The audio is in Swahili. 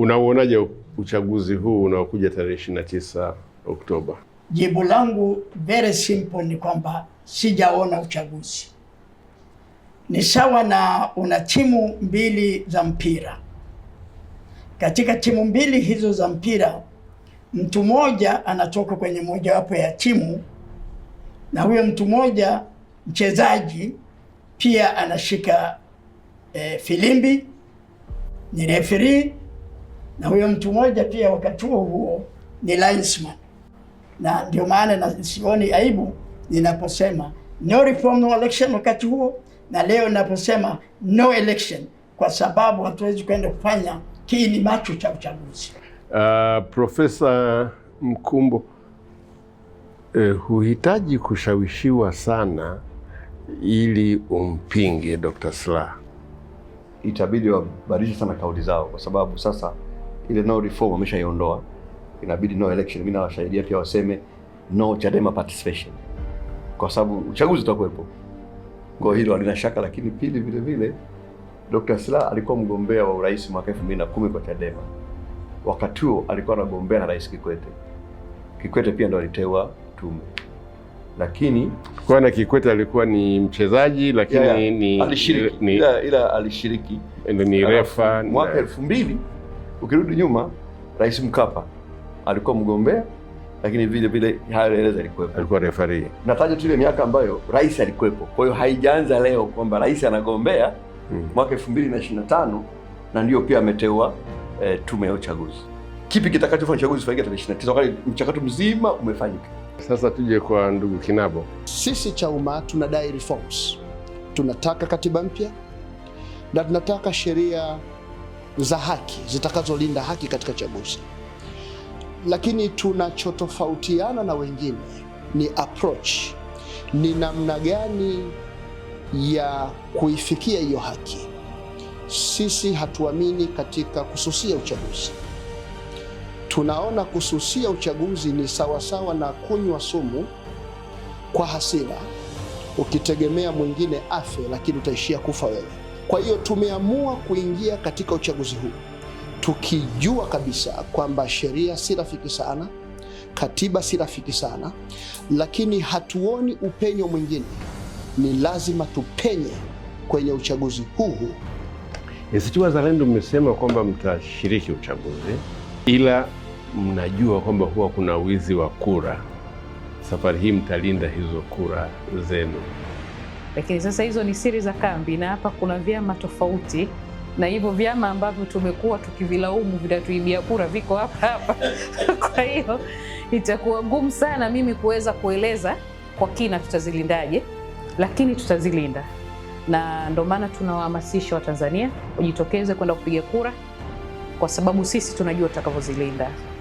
Unauonaje uchaguzi huu unaokuja tarehe 29 Oktoba? Jibu langu very simple ni kwamba sijaona uchaguzi. Ni sawa na una timu mbili za mpira. Katika timu mbili hizo za mpira, mtu mmoja anatoka kwenye mojawapo ya timu, na huyo mtu mmoja mchezaji pia anashika e, filimbi, ni referee na huyo mtu mmoja pia wakati huo huo ni linesman, na ndio maana sioni aibu ninaposema no reform no election wakati huo na leo ninaposema no election, kwa sababu hatuwezi kwenda kufanya kiini macho cha uchaguzi. Uh, Profesa Mkumbo, eh, huhitaji kushawishiwa sana ili umpinge Dr. Slaa. Itabidi wabadilishe sana kauli zao kwa sababu sasa ile no reform ameshaiondoa, inabidi no election. Mimi nawashahidia pia waseme no Chadema participation, kwa sababu uchaguzi utakuwepo. Kwa hilo alina shaka, lakini pili, vile vile Dr. Slaa alikuwa mgombea wa urais mwaka 2010 kwa Chadema. Wakati huo alikuwa anagombea na Rais Kikwete. Kikwete pia ndo aliteua tume lakini kwa na Kikwete alikuwa ni mchezaji lakini ya ya, Ni, alishiriki. Ni, ila, ila alishiriki ni refa mwaka elfu mbili Ukirudi nyuma, Rais Mkapa alikuwa mgombea, lakini vile vile yaeleza alikuwepo, alikuwa refari. Nataja tu ile miaka ambayo rais alikuwepo, kwa hiyo haijaanza leo kwamba rais anagombea hmm. mwaka 2025 na ndio pia ameteua e, tume ya uchaguzi. Kipi kitakachofanya uchaguzi ufanyike tarehe 29 wakati mchakato mzima umefanyika? Sasa tuje kwa ndugu Kinabo. Sisi Chauma tunadai reforms, tunataka katiba mpya na tunataka sheria za haki zitakazolinda haki katika chaguzi, lakini tunachotofautiana na wengine ni approach, ni namna gani ya kuifikia hiyo haki. Sisi hatuamini katika kususia uchaguzi. Tunaona kususia uchaguzi ni sawasawa na kunywa sumu kwa hasira, ukitegemea mwingine afe, lakini utaishia kufa wewe. Kwa hiyo tumeamua kuingia katika uchaguzi huu tukijua kabisa kwamba sheria si rafiki sana, katiba si rafiki sana, lakini hatuoni upenyo mwingine. Ni lazima tupenye kwenye uchaguzi huu. ACT Wazalendo, mmesema kwamba mtashiriki uchaguzi, ila mnajua kwamba huwa kuna wizi wa kura. Safari hii mtalinda hizo kura zenu. Lakini sasa hizo ni siri za kambi, na hapa kuna vyama tofauti, na hivyo vyama ambavyo tumekuwa tukivilaumu vitatuibia kura viko hapa hapa. Kwa hiyo itakuwa ngumu sana mimi kuweza kueleza kwa kina tutazilindaje, lakini tutazilinda, na ndio maana tunawahamasisha Watanzania wajitokeze kwenda kupiga kura, kwa sababu sisi tunajua tutakavyozilinda.